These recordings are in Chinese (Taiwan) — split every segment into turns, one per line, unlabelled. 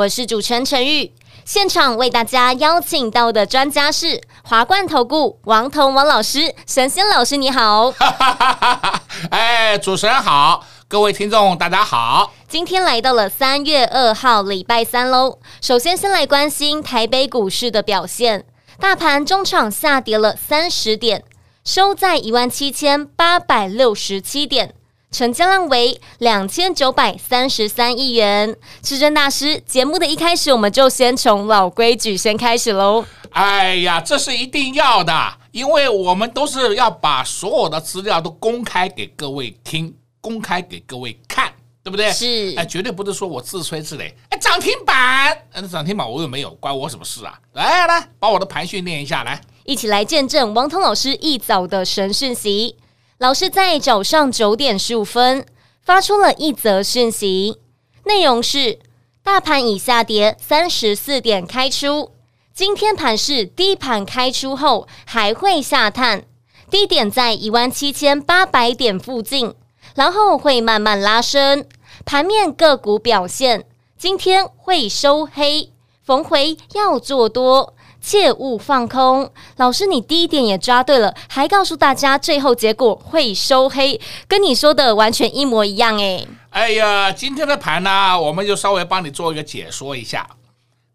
我是主持人陳玉，現場為大家邀請到的專家是華冠投顧王同王老師，神仙老師你好，
哈哈哈哈。哎，主持人好，各位聽眾大家好，
今天來到了三月二號禮拜三嘍。首先先來關心台北股市的表現，大盤中場下跌了三十點，收在一萬七千八百六十七點。成交量為兩千九百三十三億元。赤針大師，節目的一開始，我們就先從老規矩先開始嘍。哎呀，
這是一定要的，因為我們都是要把所有的資料都公開給各位聽，公開給各位看，對不對？是，哎，絕對不是說我自吹自擂。哎，漲停板，那漲停板我又沒有，關我什麼事啊？來來來，把我的盤勢念一
下，來，一起來見證王騰老師一早的神訊息。老師在早上九點十五分發出了一則訊息，內容是：大盤已下跌三十四點開出，今天盤是低盤開出後還會下探，低點在一萬七千八百點附近，然後會慢慢拉升。盤面個股表現，今天會收黑，逢回要做多，切勿放空，老師，你第一點也抓對了，還告訴大家最後結果會收黑，跟你說的完全一模一樣誒、欸。
哎呀，今天的盤呢、啊，我們就稍微幫你做一個解說一下。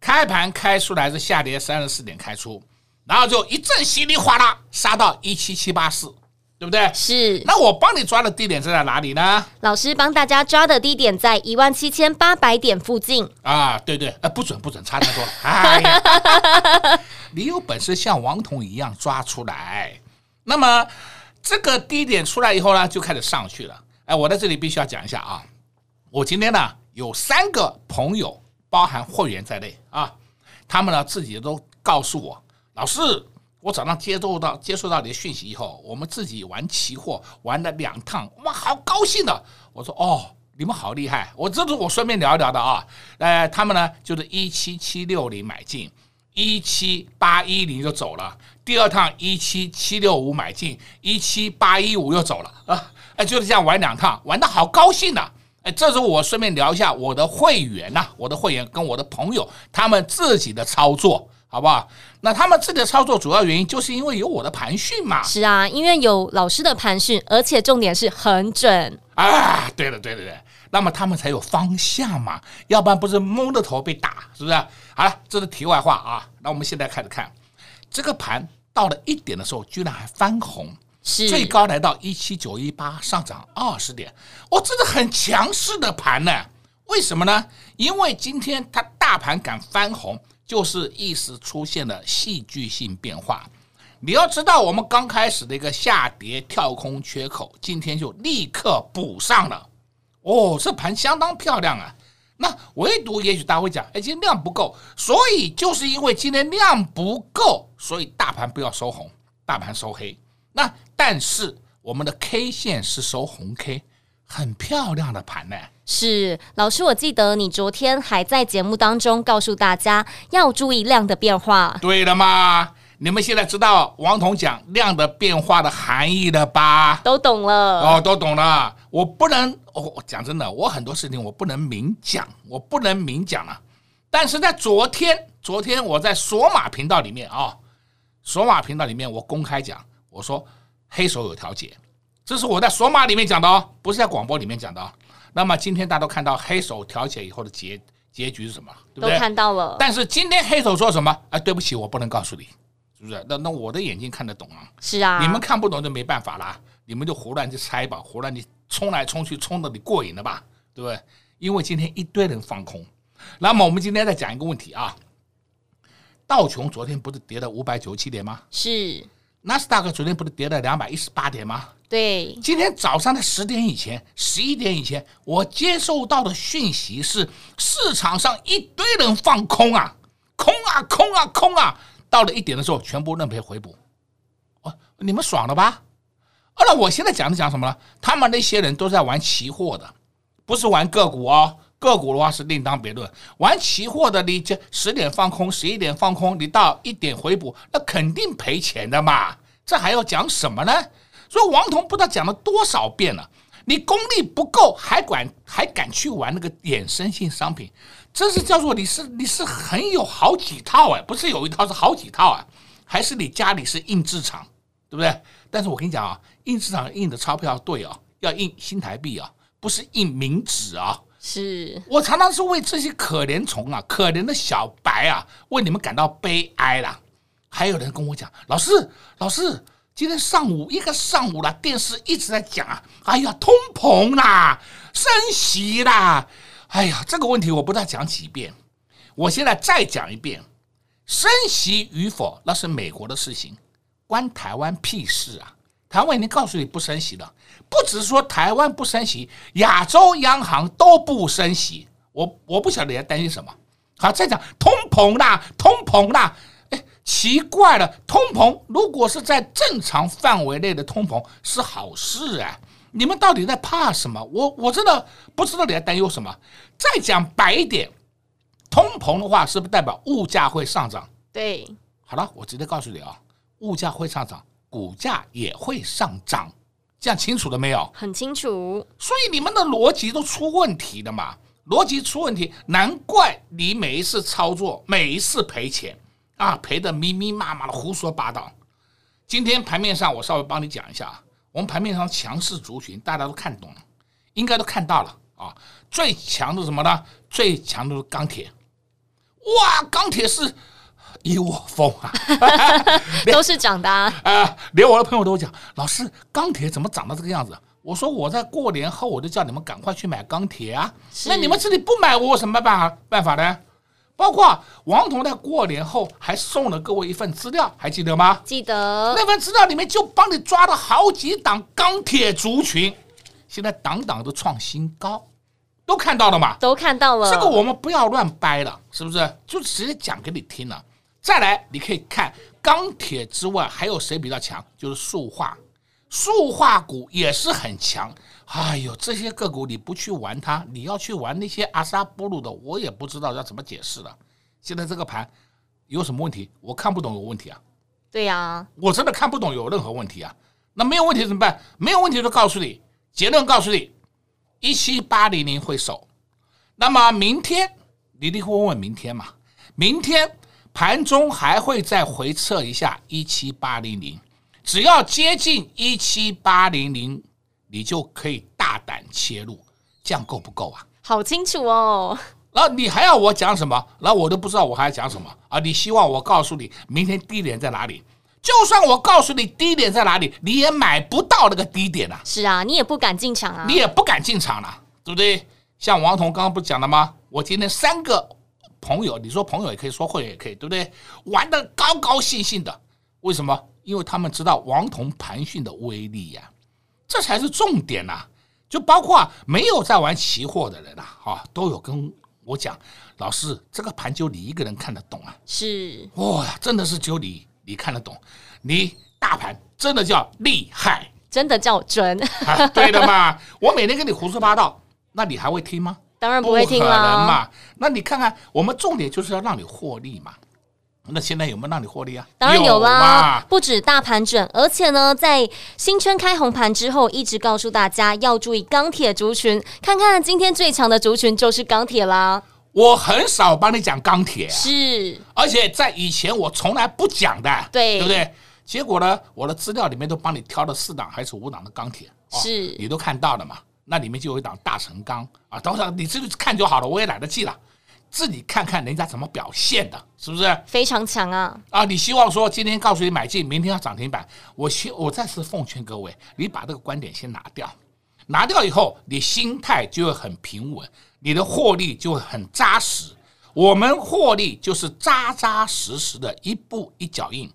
開盤開出來是下跌三十四點開出，然後就一陣稀里嘩啦殺到一七七八四，對不對？是。那我幫你抓的低點是在哪裡呢？
老師幫大家抓的低點在一萬七千八百點附近
啊。對對，呃，不准不準差太多了。插插 哎呀哈哈，你有本事像王彤一樣抓出來。那麼這個低點出來以後呢，就開始上去了。哎，我在這裡必須要講一下啊，我今天呢有三個朋友，包含貨源在內啊，他們呢自己都告訴我，老師。我早上接收到接收到你的訊息以後，我們自己玩期貨玩了兩趟，哇，好高興的。我說哦，你們好厲害！我這是我順便聊一聊的啊。呃，他們呢就是一七七六零買進，一七八一零就走了。第二趟一七七六五買進，一七八一五又走了啊。哎，就是這樣玩兩趟，玩的好高興的。哎，這是我順便聊一下我的會員吶、啊，我的會員跟我的朋友他們自己的操作。好不好？那他們這樣的操作，主要原因就是因為有我的盤訊嘛。是
啊，因為有老師的盤訊，而且重點是很準。
啊，對的，對的，對。那麼他們才有方向嘛，要不然不是蒙着頭被打，是不是？好了，這是題外話啊。那我們現在開始看，這個盤到了一點的時候，居然還翻紅，是最高來到一七九一八，上漲二十點，哇、哦，這是很強勢的盤呢。為什麼呢？因為今天它。大盤敢翻紅，就是一時出現了戲劇性變化。你要知道，我們剛開始的一個下跌跳空缺口，今天就立刻補上了。哦，這盤相當漂亮啊！那唯獨也許大家會講，哎，今天量不夠。所以就是因為今天量不夠，所以大盤不要收紅，大盤收黑。那但是我們的 K 線是收紅 K。很漂亮的盤
呢、欸，是老師。我記得你昨天還在節目當中告訴大家要注意量的變化。
對的嘛，你們現在知道王彤講量的變化的含義了吧？
都懂了哦，都
懂了。我不能，哦，講真的，我很多事情我不能明講，我不能明講啊。但是在昨天，昨天我在索馬頻道裡面啊、哦，索馬頻道裡面我公開講，我說黑手有調解。這是我在索馬裡面講的哦，不是在廣播裡面講的哦。那麼今天大家都看到黑手調解以後的結結局是什麼？對不對？都看到了。但是今天黑手說什麼？啊？對不起，我不能告訴你，是不是？那那我的眼睛看得懂啊。是啊。你們看不懂就沒辦法啦，你們就胡亂去猜吧，胡亂你衝來衝去，衝的你過癮了吧？對不對？因為今天一堆人放空。那麼我們今天再講一個問題啊，道瓊昨天不是跌了五百九十七點嗎？是。納斯達克昨天不是跌了兩百一十八點嗎？對，今天早上的十點以前、十一點以前，我接收到的訊息是市場上一堆人放空啊，空啊，空啊，空啊，啊、到了一點的時候全部認賠回補，哦，你們爽了吧？啊，那我現在講的講什麼了？他們那些人都在玩期貨的，不是玩個股哦。個股的話是另當別論，玩期貨的你，就十點放空，十一點放空，你到一點回補，那肯定賠錢的嘛，這還要講什麼呢？所以王彤不知道講了多少遍了，你功力不夠還管還敢去玩那個衍生性商品，這是叫做你是你是很有好幾套誒、哎，不是有一套是好幾套啊，還是你家裡是印制廠，對不對？但是我跟你講啊，印制廠印的鈔票要對哦、啊，要印新台幣啊，不是印冥紙啊。是，我常常是為這些可憐蟲啊、可憐的小白啊，為你們感到悲哀啦。還有人跟我講，老師，老師，今天上午一個上午啦，電視一直在講啊，哎呀，通膨啦，升息啦，哎呀，這個問題我不知道講幾遍，我現在再講一遍，升息與否那是美國的事情，關台灣屁事啊。台灣已經告訴你不升息了，不只是說台灣不升息，亞洲央行都不升息。我我不曉得你在擔心什麼？好，再講通膨啦，通膨啦，哎，奇怪了，通膨如果是在正常範圍內的通膨是好事啊，你們到底在怕什麼？我我真的不知道你在擔憂什麼。再講白一點，通膨的話是不是代表物價會上漲？對，好了，我直接告訴你啊，物價會上漲。股價也會上漲，這樣清楚了沒有？很清楚。所以你們的邏輯都出問題了嘛？邏輯出問題，難怪你每一次操作，每一次賠錢啊，賠得密密麻麻的，胡說八道。今天盤面上，我稍微幫你講一下啊。我們盤面上強勢族群，大家都看懂了，應該都看到了啊。最強的什麼呢？最強的鋼鐵。
哇，鋼鐵是。
一窩蜂
啊，都是漲的啊！
連我的朋友都講，老師鋼鐵怎麼漲到這個樣子？我說我在過年後，我就叫你們趕快去買鋼鐵啊！那你們自己不買，我有什麼辦法辦法呢？包括王彤在過年後還送了各位一份資料，還記得嗎？記得。那份資料裡面就幫你抓了好幾檔鋼鐵族群，現在檔檔都創新高，都看到了嗎？都看到了。這個我們不要亂掰了，是不是？就直接講給你聽了。再來，你可以看鋼鐵之外還有誰比較強？就是塑化，塑化股也是很強。哎呦，這些個股你不去玩它，你要去玩那些阿薩布魯的，我也不知道要怎麼解釋了。現在這個盤有什麼問題？我看不懂有問題啊。
對呀，
我真的看不懂有任何問題啊。那沒有問題怎麼辦？沒有問題就告訴你結論，告訴你一七八零零會守。那麼明天，你一定會問問明天嘛，明天。盤中還會再回測一下一七八零零，只要接近一七八零零，你就可以大膽切入，這樣夠不夠啊？
好清楚哦。然後你還要
我講什麼？然後我都不知道我還要講什麼啊？你希望我告訴你明天低點在哪裡？就算我告訴你低點在哪裡，你也買不到那個低點啊。
是啊，你也不敢進場啊，你也
不敢進場啊，對不對？像王彤剛剛不講了嗎？我今天三個。朋友，你說朋友也可以說，會員也可以，對不對？玩的高高興興的，為什麼？因為他們知道王彤盤訊的威力呀，啊，這才是重點吶，啊！就包括沒有在玩期貨的人啊，哈，啊，都有跟我講，老師，這個盤就你一個人看得懂啊？
是哇，哦，
真的是就你，你看得懂，你大盤真的叫厲害，
真的叫準， 啊，對的嘛！
我每天跟你胡說八道，那你還會聽嗎？
當然不會聽了，
那，你看看，我們重點就是要讓你獲利嘛。那現在有沒有讓你獲利啊？當然有啦，有嘛
不止大盤漲。而且呢，在新春開紅盤之後，一直告訴大家要注意鋼鐵族群。看看今天最強的族群就是鋼鐵啦，
我很少幫你講鋼鐵，是，而且在以前我從來不講的，對，對不對？結果呢，我的資料裡面都幫你挑了四檔還是五檔的鋼鐵、哦，是，你都看到了嘛？那裡面就有一檔大成鋼啊，等等，你自己看就好了，我也懶得記了，自己看看人家怎麼表現的，是不是、啊、非常強啊？啊，你希望說今天告訴你買進，明天要漲停板，我希我再次奉勸各位，你把這個觀點先拿掉，拿掉以後，你心態就會很平穩，你的獲利就會很扎實。我們獲利就是扎扎實實的一步一腳印，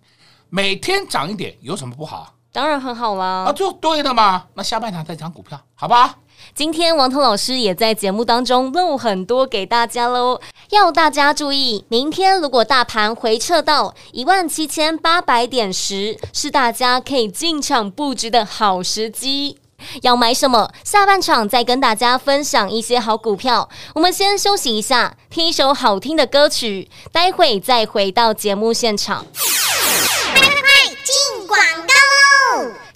每天漲一點有什麼不好、啊？
當然很好啦，啊，就對的嘛。那下半場再講股票，好吧？今天王彤老師也在節目當中露很多給大家嘍，要大家注意，明天如果大盤回撤到一萬七千八百點時，是大家可以進場布局的好時機。要買什麼？下半場再跟大家分享一些好股票。我們先休息一下，聽一首好聽的歌曲，待會再回到節目現場。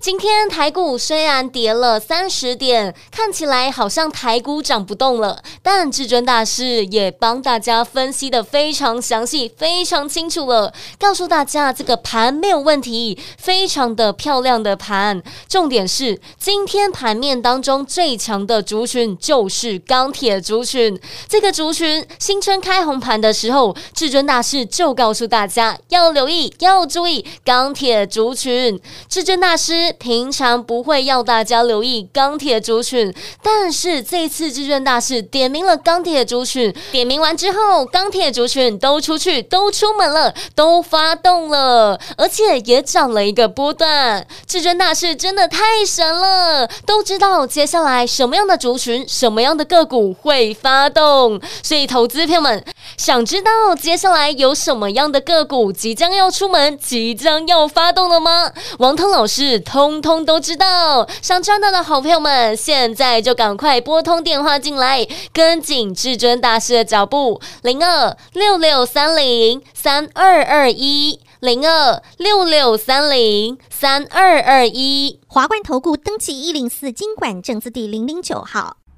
今天台股雖然跌了三十點，看起來好像台股漲不動了，但至尊大師也幫大家分析得非常詳細、非常清楚了，告訴大家這個盤沒有問題，非常的漂亮的盤。重點是今天盤面當中最強的族群就是鋼鐵族群。這個族群新春開紅盤的時候，至尊大師就告訴大家要留意、要注意鋼鐵族群。至尊大師。平常不會要大家留意鋼鐵族群，但是這次至尊大師點名了鋼鐵族群。點名完之後，鋼鐵族群都出去，都出門了，都發動了，而且也漲了一個波段。至尊大師真的太神了，都知道接下來什麼樣的族群、什麼樣的個股會發動，所以投資朋友們，想知道接下來有什麼樣的個股即將要出門，即將要發動了嗎？王濤老師通通都知道。想賺到的好朋友們，現在就趕快撥通電話進來，跟緊至尊大師的腳步。零二六六三零三二二一，零二六六三零三二二一，華冠投顧登記一零四金管證字第零零九號。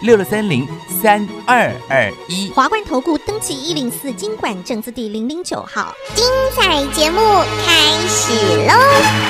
六六三零三二
二
一，華冠投顧登記一零四金管證字第零零九號，精彩節目開始嘍！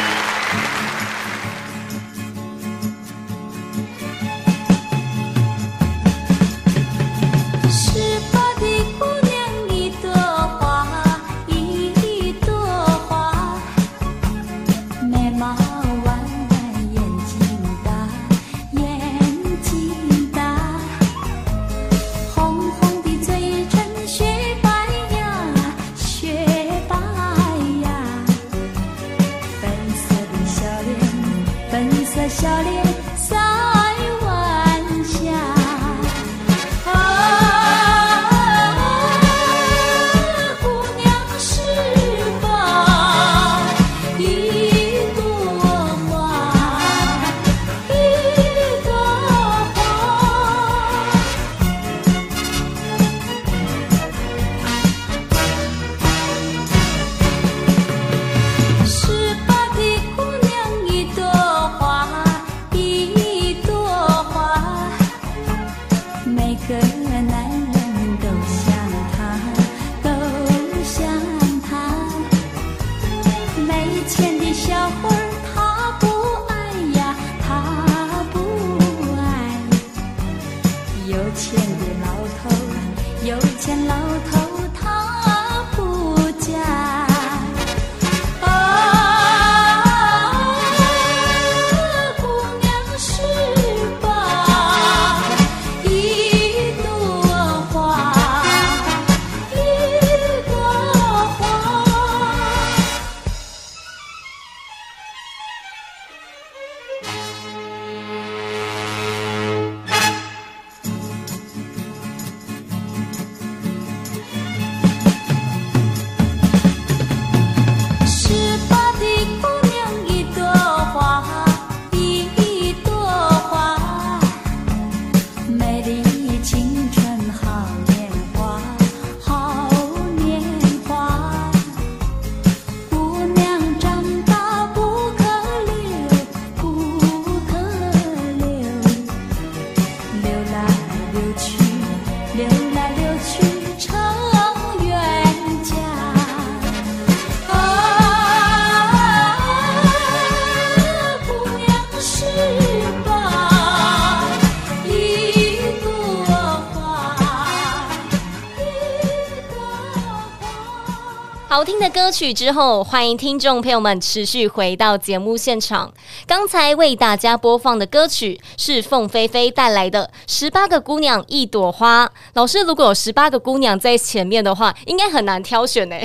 好聽的歌曲之後，歡迎聽眾朋友們持續回到節目現場。剛才為大家播放的歌曲是鳳飛飛帶來的《十八個姑娘一朵花》。老師，如果有十八個姑娘在前面的話，應該很難挑選呢。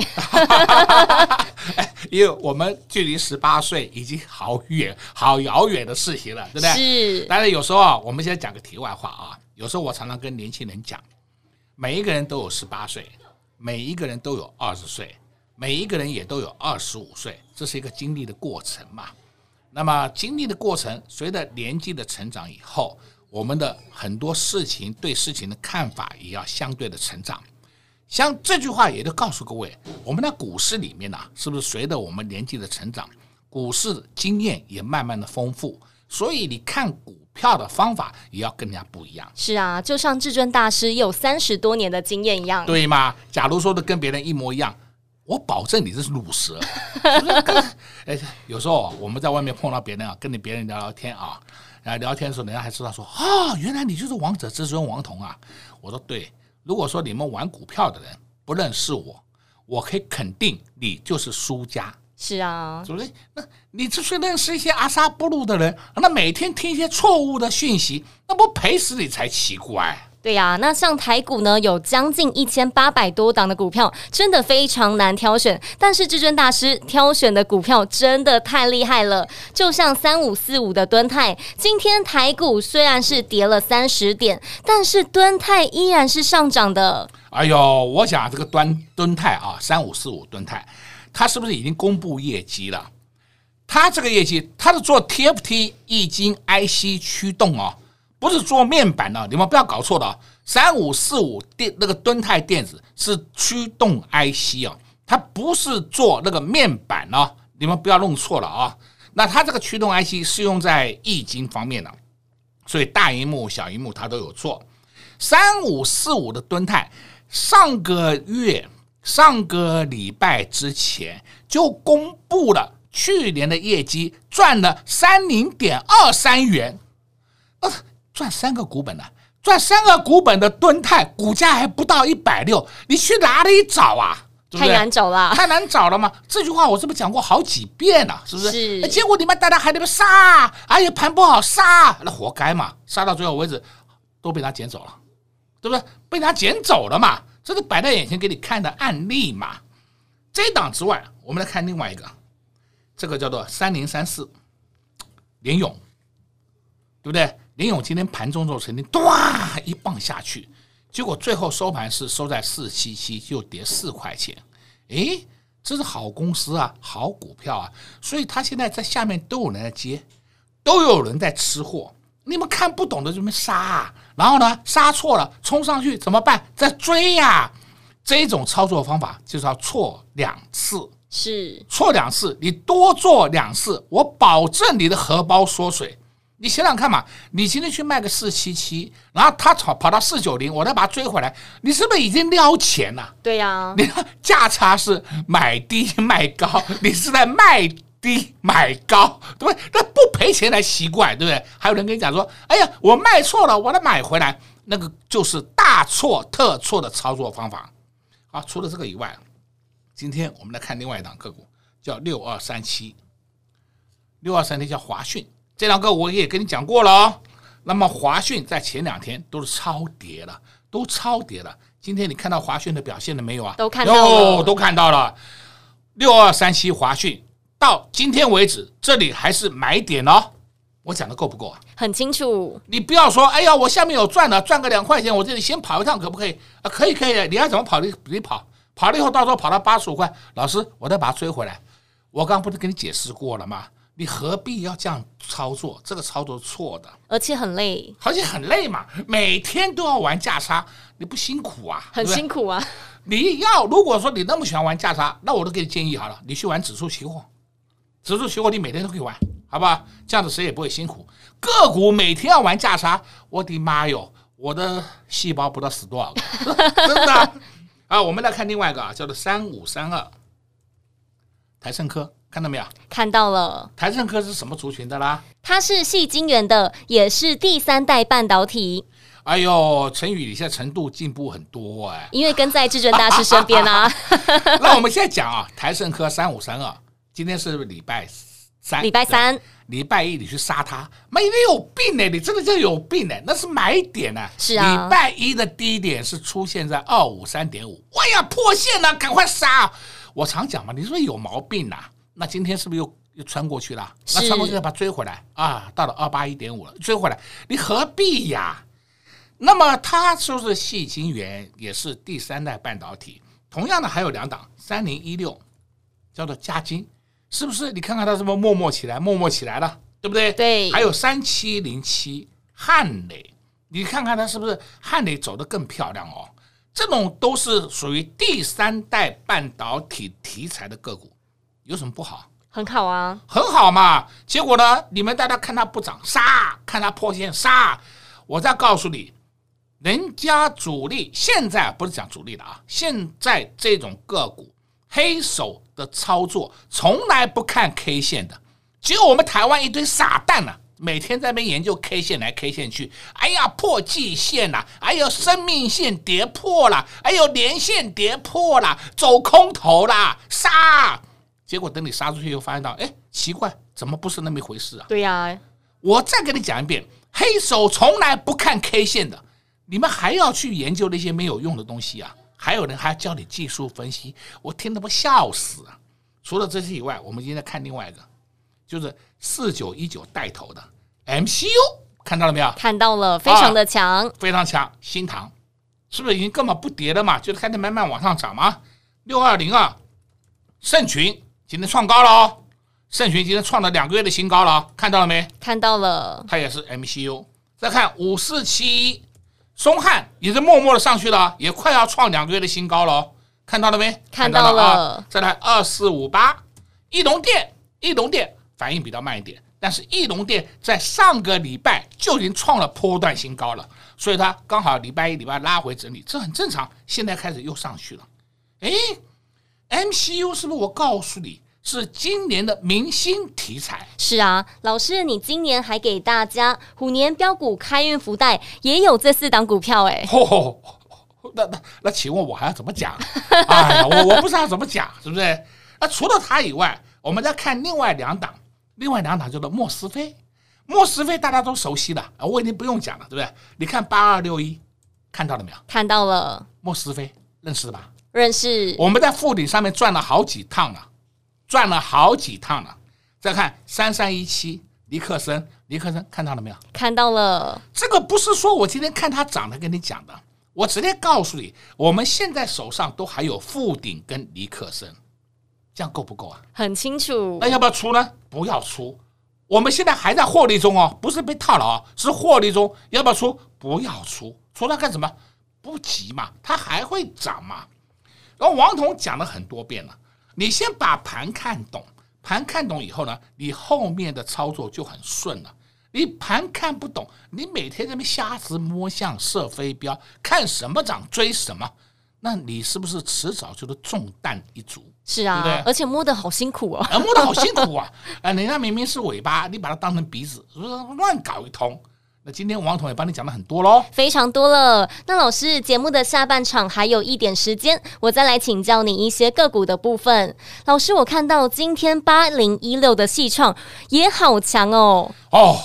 因為我們距離十八歲已經好遠、好遙遠的事情了，對不對？是。但是有時候啊，我們先講個題外話啊。有時候我常常跟年輕人講，每一個人都有十八歲，每一個人都有二十歲。每一個人也都有二十五歲，這是一個經歷的過程嘛。那麼經歷的過程，隨着年紀的成長以後，我們的很多事情對事情的看法也要相對的成長。像這句話也就告訴各位，我們的股市裡面呢、啊，是不是隨着我們年紀的成長，股市經驗也慢慢的豐富，所以你看股票的方法也要更加不一樣。
是啊，就像至尊大師有三十多年的經驗一樣，對
嗎？假如說的跟別人一模一樣。我保證，你這是魯蛇、 就是。哎、欸，有時候我們在外面碰到別人啊，跟你別人聊聊天啊，然後聊天的時候，人家還知道說啊，原來你就是王者之尊王彤啊。我說對，如果說你們玩股票的人不認識我，我可以肯定你就是輸家。是啊，主任，就是，那你出去認識一些阿薩布魯的人，那每天聽一些錯誤的訊息，那不賠死你才奇怪。
對呀、啊，那像台股呢，有將近一千八百多檔的股票，真的非常難挑選。但是至尊大師挑選的股票真的太厲害了，就像三五四五的敦泰，今天台股雖然是跌了三十點，但是敦泰依然是上漲的。
哎呦，我講這個敦敦泰啊，三五四五敦泰，他是不是已經公布業績了？他這個業績，他是做 TFT 液晶 IC 驅動啊、哦。不是做麵板的，你們不要搞錯了啊！三五四五電那個敦泰電子是驅動 IC 啊，它不是做那個面板呢、啊，你們不要弄錯了啊！那它這個驅動 IC 是用在液晶方面的，所以大螢幕、小螢幕它都有做。三五四五的敦泰上個月、上個禮拜之前就公布了去年的業績，賺了三零點二三元。賺三，賺三個股本的，賺三個股本的敦泰，股價還不到一百六，你去哪裡找啊？太，太難找了，太難找了嘛。這句話我是不是講過好幾遍了？是不是？是 哎、結果你們大家還那麼殺、啊，哎呀盤不好殺、啊，那活該嘛！殺到最後為止都被他撿走了，對不對？被他撿走了嘛？這是擺在眼前給你看的案例嘛？這檔之外，我們來看另外一個，這個叫做三零三四聯詠，對不對？林勇今天盤中的時候，曾經一棒下去，結果最後收盤是收在四七七，就跌四塊錢。誒，這是好公司啊，好股票啊，所以他現在在下面都有人在接，都有人在吃貨。你們看不懂的就別殺，然後呢，殺錯了衝上去怎麼辦？再追呀！這種操作方法就是要錯兩次，是錯兩次，你多做兩次，我保證你的荷包縮水。你想想看嘛，你今天去賣個四七七，然後他跑，跑到四九零，我再把它追回來，你是不是已經撩錢了？
對呀、啊，你
的價差是買低賣高，你是在賣低買高，對不對？那不賠錢才奇怪，對不對？還有人跟你講說，哎呀，我賣錯了，我再買回來，那個就是大錯特錯的操作方法啊！除了這個以外，今天我們來看另外一檔個股，叫六二三七，六二三七叫華訊。這兩個我也跟你講過了哦。那麼華訊在前兩天都是超跌了，都超跌了。今天你看到華訊的表現了沒有啊？都看到了，都看到了。六二三七華訊到今天為止，這裡還是買點哦。我講的夠不夠啊？
很清楚。
你不要說，哎呀，我下面有賺的，賺個兩塊錢，我這裡先跑一趟，可不可以？啊，可以可以。你要怎麼跑你你跑，跑了以後到時候跑到八十五塊，老師我再把它追回來。我剛剛不是跟你解釋過了嗎？你何必要這樣操作？這個操作錯
的，而且很累，而且很累
嘛！每天都要玩價差，你不辛苦啊？很辛苦啊！吧你要如果說你那麼喜歡玩價差，那我都給你建議好了，你去玩指數期貨，指數期貨你每天都可以玩，好不好？這樣子誰也不會辛苦。個股每天要玩價差，我的媽喲，我的細胞不知道死多少個， 真的啊！我們來看另外一個啊，叫做三五三二台勝科。看到沒有？
看到了。
台勝科是什麼族群的啦？
它是矽晶圓的，也是第三代半導體。
哎呦，陳宇，你現在程度進步很多哎，
因為跟在智尊大師身邊啊。
那我們現在講啊，台勝科三五三二，今天是禮拜三，禮拜三，禮拜一你去殺它，
媽，你有
病呢、欸！你真的有病呢、欸！那是買點呢、啊。是啊，禮拜一的低點是出現在二五三點五，哎呀，破線了，趕快殺！我常講嘛，你說有毛病吶、啊？那今天是不是又又穿過去了？是那穿過去再把它追回來啊！到了二八一點五了，追回來，你何必呀？那麼它就是矽晶圓，也是第三代半導體。同樣的還有兩檔三零一六，16, 叫做嘉晶，是不是？你看看它是不是默默起來，默默起來了，對不對？對。還有三七零七漢磊，你看看它是不是漢磊走得更漂亮哦？這種都是屬於第三代半導體題材的個股。有什麼不好？
很好啊，
很好嘛。結果呢？你們大家看它不漲，殺！看它破線，殺！我再告訴你，人家主力現在不是講主力的啊，現在這種個股黑手的操作從來不看 K 線的，只有我們台灣一堆傻蛋吶啊，每天在那邊研究 K 線來 K 線去。哎呀，破季線啦！哎呦，生命線跌破了！哎呦，連線跌破了，走空頭啦，殺！結果等你殺出去，又發現到，哎，奇怪，怎麼不是那麼一回事啊？對呀、啊，我再給你講一遍，黑手從來不看 K 線的，你們還要去研究那些沒有用的東西啊？還有人還要教你技術分析，我聽他不笑死啊！除了這些以外，我們今天看另外一個，就是四九一九帶頭的 MCU，看到了沒有、啊？啊、看到了，非常的強，非常強。新唐是不是已經根本不跌了嘛？就是開始慢慢往上漲嘛？六二零二，盛群。今天創高了哦，盛群今天創了兩個月的新高了哦，看到了沒？
看到了。
它也是 MCU。再看五四七一，松翰也是默默的上去了，也快要創兩個月的新高了哦。看到了沒？看到了啊、哦。再來二四五八，義隆電，義隆電反應比較慢一點，但是義隆電在上個禮拜就已經創了波段新高了，所以它剛好禮拜一禮拜拉回整理，這很正常。現在開始又上去了，誒。M C U 是不是我告訴你是今年的明星題材？
是啊，老師，你今年還給大家虎年標股開運福袋，也有這四檔股票哎。吼。那
那那，那請問我還要怎麼講？啊、 哎，我我不知道要怎麼講，是不是？那除了它以外，我們再看另外兩檔，另外兩檔叫做莫斯菲。莫斯菲大家都熟悉的，我已經不用講了，對不對？你看八二六一，看到了沒有？看到了。莫斯菲，認識的吧？
認識，我們
在富鼎上面轉了好幾趟了，轉了好幾趟了。再看三三一七尼克森，尼克森看到了沒有？看到了。這個不是說我今天看他漲的跟你講的，我直接告訴你，我們現在手上都還有富鼎跟尼克森，這樣夠不夠啊？
很清楚。那要不要
出呢？不要出，我們現在還在獲利中哦，不是被套牢哦，是獲利中。要不要出？不要出，出來幹什麼？不急嘛，它還會漲嘛。然後王彤講了很多遍了，你先把盤看懂，盤看懂以後呢，你後面的操作就很順了。你盤看不懂，你每天在那邊瞎子摸象、射飛鏢，看什麼漲追什麼，那你是不是遲早就是中彈一族？是啊，對不對？而
且摸得好辛苦哦。啊，摸得好
辛苦啊！啊，人家明明是尾巴，你把它當成鼻子，亂搞一通。那今天王統也幫你講了很多嘍、哦，
非常多了。那老師節目的下半場還有一點時間，我再來請教你一些個股的部分。老師，我看到今天八零一六的矽創也好強哦。
哦，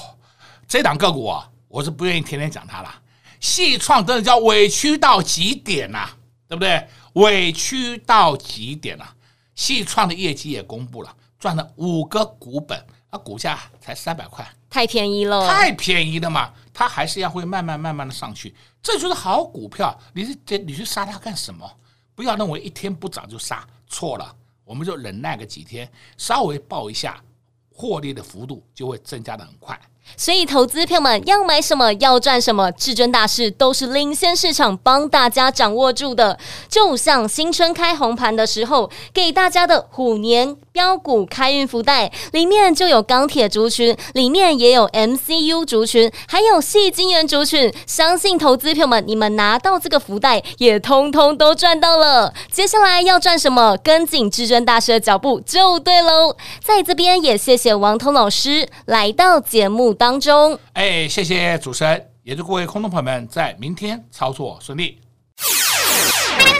這檔個股啊，我是不願意天天講它了。矽創真的叫委屈到極點吶、啊，對不對？委屈到極點吶、啊。矽創的業績也公布了，賺了五個股本，啊，股價才三百塊。
太便宜了，太
便宜了嘛！它還是要會慢慢慢慢的上去，這就是好股票。你是你去殺它幹什麼？不要認為一天不漲就殺，錯了。我們就忍耐個幾天，稍微抱一下，獲利的幅度就會增加的很快。
所以，投資朋友們要買什麼，要賺什麼，至尊大師都是領先市場幫大家掌握住的。就像新春開紅盤的時候，給大家的虎年標股開運福袋裡面就有鋼鐵族群，裡面也有 MCU 族群，還有矽晶圓族群。相信投資朋友們，你們拿到這個福袋，也通通都賺到了。接下來要賺什麼，跟緊至尊大師的腳步就對嘍。在這邊也謝謝王通老師來到節目當中，哎，
謝謝主持人，也祝各位空中朋友們在明天操作順利。
快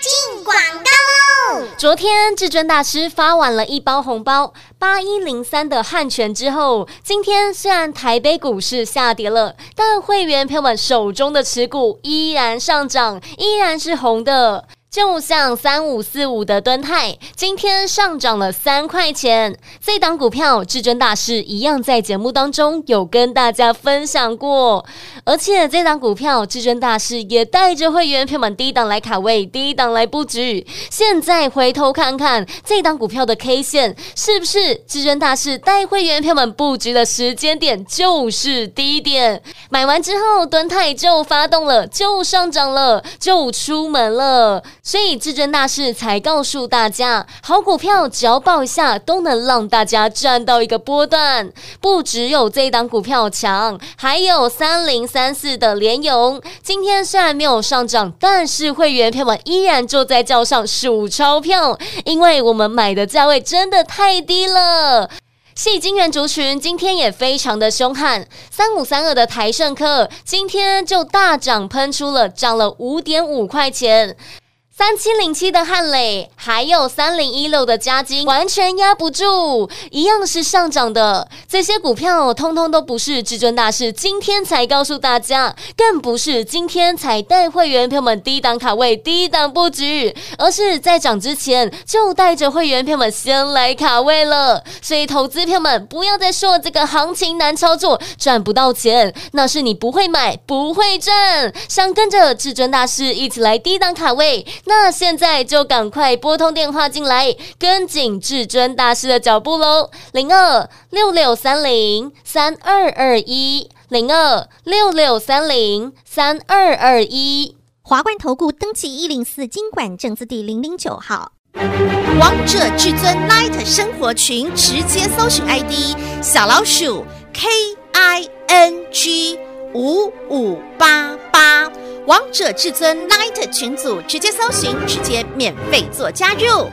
進廣告嘍！昨天至尊大師發完了一包紅包八一零三的瀚荃之後，今天雖然台北股市下跌了，但會員朋友們手中的持股依然上漲，依然是紅的。就像三五四五的敦泰，今天上漲了三塊錢。這檔股票至尊大師一樣在節目當中有跟大家分享過，而且這檔股票至尊大師也帶着會員票們低檔來卡位，低檔來布局。現在回頭看看這檔股票的 K 線，是不是至尊大師帶會員票們布局的時間點就是低點？買完之後，敦泰就發動了，就上漲了，就出門了。所以至尊大師才告訴大家，好股票只要爆一下，都能讓大家賺到一個波段。不只有這一檔股票強，還有三零三四的聯詠。今天雖然沒有上漲，但是會員票們依然坐在轎上數鈔票，因為我們買的價位真的太低了。矽晶圓族群今天也非常的兇悍，三五三二的台勝科今天就大漲，噴出了，漲了五點五塊錢。三七零七的漢磊，還有三零一六的嘉金，完全壓不住，一樣是上漲的。這些股票通通都不是至尊大師今天才告訴大家，更不是今天才帶會員票們低檔卡位、低檔布局，而是在漲之前就帶着會員票們先來卡位了。所以投資票們不要再說這個行情難操作，賺不到錢，那是你不會買，不會賺。想跟着至尊大師一起來低檔卡位。那現在就趕快撥通電話進來，跟緊至尊大師的腳步嘍！零二六六三零三二二一，零二六六三零三二二一，華冠投顧登記一零四金管證字第零零九號，王者至尊 Light 生活群直接搜尋 ID 小老鼠 K I N G。五五八八，王者至尊 LINE 群組直接搜尋，直接免費做加入。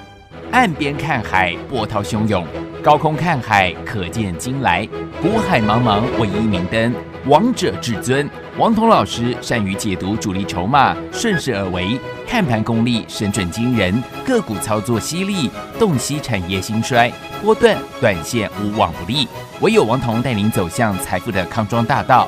岸邊看海，波濤洶湧；高空看海，可見金來，股海茫茫，唯一明燈。王者至尊，王彤老師善於解讀主力籌碼，順勢而為，看盤功力神準驚人，個股操作犀利，洞悉產業興衰，波段短線無往不利。唯有王彤帶您走向財富的康莊大道。